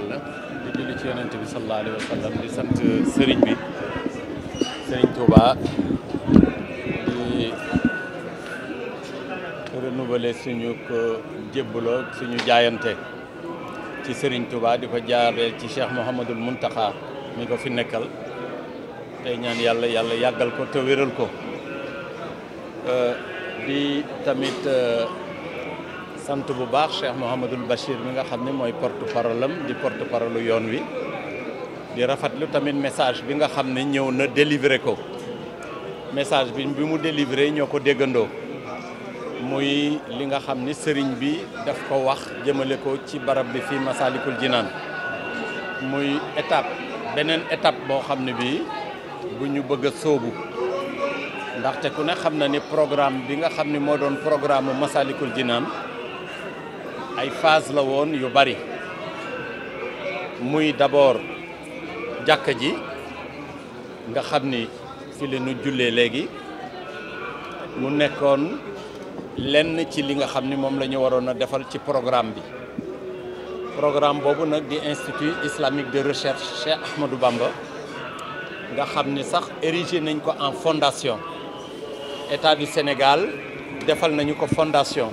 yàlla di julli ci yonent bi sallallahu alayhi wa di sant sëriñ bi sëriñ Touba di renouveler suñu jébbaloo suñu jaayante ci sëriñ Touba di ko jaaree ci Cheikh Mouhamadul Mountakha mi ko fi nekkal tey ñaan yàlla yàlla yàggal ko te wéral ko euh, di tamit. Euh, sant bu baax Cheikh Mouhamadul Bachir mi nga xam ne mooy porte parole am di porte parole yoon wi di rafetlu tamit message bi nga xam ne ñëw na délivrer ko message bi bi mu délivrer ñoo ko déggandoo muy li nga xam ni sëriñ bi daf ko wax jëmale ko ci barab bi fii Masalikul Jinaan muy étape beneen étape boo xam ne bii bu ñu bëgg a sóobu ndaxte ku ne xam na ni programme bi nga xam ni moo doon programme Masalikul Jinaan ay phase la won yu bari muy d'abord jakka ji nga xamni fi la ñu jullee mu nekkoon lenn ci li nga xamni mom lañu warona ci programme bi programme bobu nak di institut islamique de recherche Cheikh Ahmadou Bamba nga xamni sax érigé nañ ko en fondation état du Sénégal defal nañu ko fondation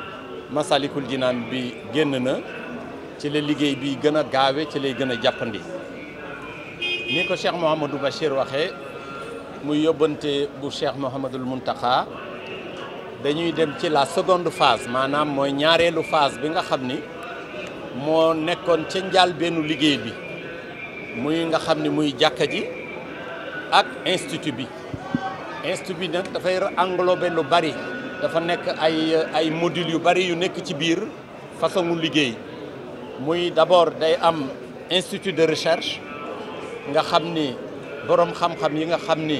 Massalikul Jinaan bi génn na ci la liggéey bi gën a gaawe ci lay gën a jàppandi ni ko Cheikh Mouhamadou Bachir waxee muy yóbbante bu Cheikh Mouhamadul Mountakha dañuy dem ci la seconde phase maanaam mooy ñaareelu phase bi nga xam ni moo nekkoon ca njaal bennu liggéey bi muy nga xam ni muy jàkka ak institut bi institut bi nag dafay englober lu bari dafa nek ay ay modules yu bari yu nek ci biir façon mu liggéey muy d'abord day am institut de recherche nga xamni borom xam-xam yi nga xamni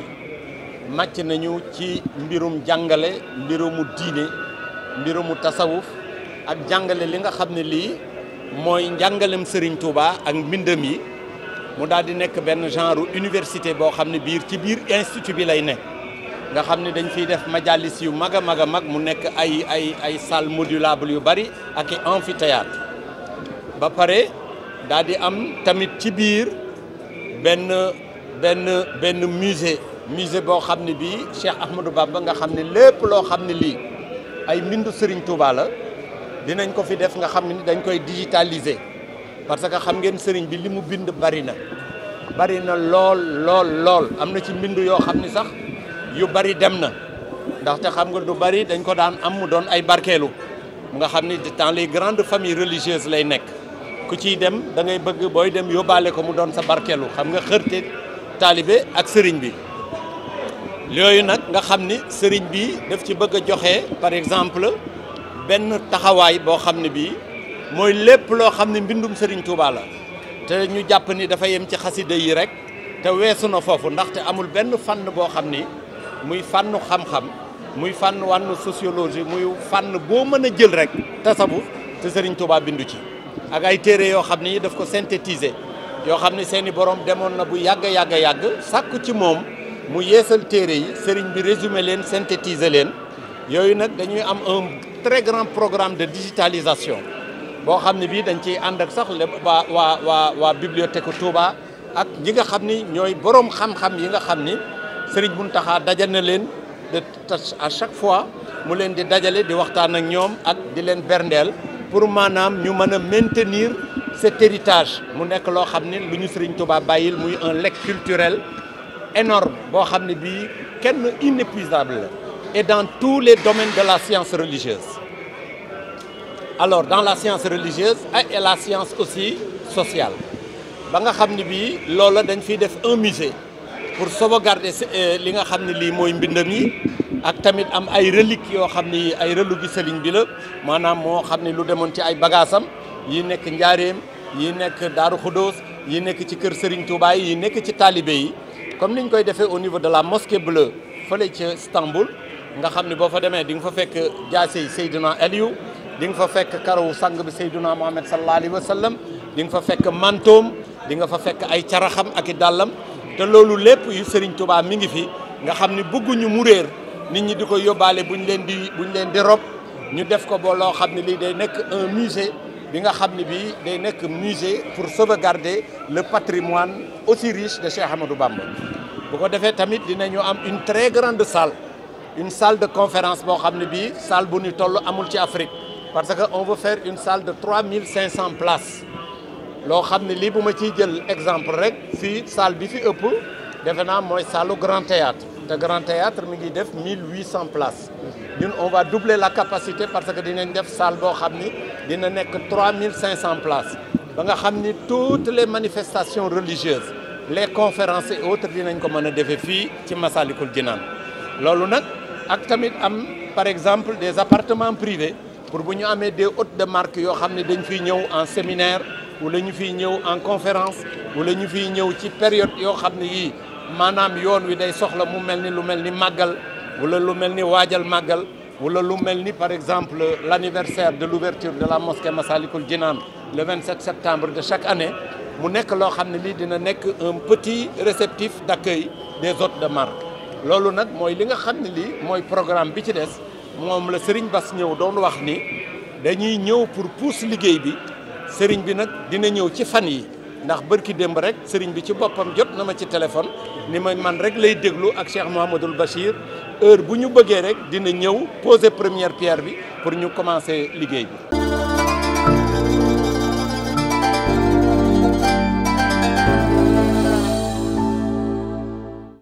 ni nañu ci mbirum jangale mbirumu diine mbirumu tasawuf ak jangale li nga xamni li moy mooy Serigne Touba ak mbindam yi mu daal di nekk benn genre université bo xamni ne biir ci biir institut bi lay nek nga xamni dañ fi def majalis yu maga maga mag mu nek ay ay ay salle modulable yu bari ak amphithéâtre ba paré daldi am tamit ci biir Ben ben ben musée musée bo xamni bi Cheikh Ahmadou babba nga xamni lepp lo xamni li ay mindu Serigne Touba la dinañ ko fi def nga xamni dañ koy digitaliser parce que xam ngeen Serigne bi limu bind bari na bari na lol lol lol amna ci mindu yo xamni sax. yu bari dem na ndaxte xam nga du bari dañ ko daan am mu doon ay barkeelu mu nga xam ni dans les grandes famille religieuses lay nekk ku ciy dem da ngay bëgg booy dem yóbbaale ko mu doon sa barkeelu xam nga xërte taalibe ak sëriñ bi yooyu nag nga xam ni sëriñ bi daf ci bëgg a joxe par exemple benn taxawaay boo xam ne bii mooy lépp loo xam ne mbindum sëriñ Touba la te ñu jàpp ni dafa yem ci xasida yi rek te weesu na foofu ndaxte amul benn fànn boo xam ni muy fànn xam-xam muy fànn wànnu sociologie muy fann bo meuna jël rek tasawuf te Serigne Touba bindu ci ak ay téré yo xamni daf ko synthétiser yo xamni seeni borom demone na bu yàgg yàgg yàgg sakku ci mom mu yeesal téré yi Serigne bi résumer len synthétiser len yooyu nak dañuy am un très grand programme de digitalisation bo xamni bi dañ ci ànd ak sax waa wa wa waa bibliothèque Touba ak ñi nga xamni ñoy borom xam-xam yi nga xamni Serigne Mountakha dajal na de à chaque fois mu len di dajalé di waxtan ak ñom ak di len berndel pour manam ñu mën maintenir cet héritage mu nek lo xam luñu Serigne Touba bayil muy un legs culturel énorme bo xam bi kenn inépuisable et dans tous les domaines de la science religieuse alors dans la science religieuse et la science aussi sociale ba nga xam bi bii loola dañ fi def un musée pour sauvegarder li nga xamni li moy mbindam yi ak tamit am ay relique yo xamni ay relu relugi sëriñ bi la manam mo xamni lu demone ci ay bagasam yi nek ndiarem yi nek daru Xudoos yi nek ci keur Serigne Touba yi nek ci talibé yi comme niñ koy défé au niveau de la mosquée bleue fële ci Istanbul nga xamni bo fa démé di nga fa fekk jassé yi Seydina Aliou di nga fa fekk karaw sang bi Seydina mohammed sallallahu alayhi wasallam sallam di nga fa fekk mantom di nga fa fekk ay tiaraxam ak dalam té lolou lépp yu Serigne Touba mi ngi fi nga xamni ni ñu mourer nit ñi diko nous buñ leen di buñ leen di rob ñu def ko bo lo xamni day un musée bi nga xamni bi day musée pour sauvegarder le patrimoine aussi riche de Cheikh Amadou Bamba. bu ko tamit dinañu am une très grande salle une salle de conférence bo xamni bi salle bu ñu tollu amul ci Afrique parce que on veut faire une salle de 3500 places. Je sais que exemple rek salle bi fi ëpp Grand Théâtre Le Grand Théâtre a ngi 1800 places on va doubler la capacité parce que dinañ salle de xam 3500 places Nous nga toutes les manifestations religieuses les conférences et autres Nous ko mën ci Massalikul par exemple des appartements privés pour amener des hôtes de marque en séminaire wala ñu fiy ñëw en conférence wala ñu fiy ñëw ci période yo xam yi manam yoon wi day soxla mu melni lu melni magal wala lu melni wadjal magal wala lu melni par exemple l'anniversaire de l'ouverture de la mosquée Massalikul Jinaan le 27 septembre de chaque année mu nekk lo xam li dina nekk un petit réceptif d'accueil des hôtes de marque loolu nak moy li nga xam li moy programme bi ci dess mom le Serigne Bass ñëw doon wax ni dañuy ñëw pour pousse liguey bi sëriñ bi nag dina ñëw ci fan yi ndax bërki démb rek sëriñ bi ci boppam jot na ma ci téléphone ni ma man rek lay déglu ak Cheikh Mouhamadoul Bachir heure bu ñu bëggee rek dina ñëw poser première pierre bi pour ñu commencer liggéey bi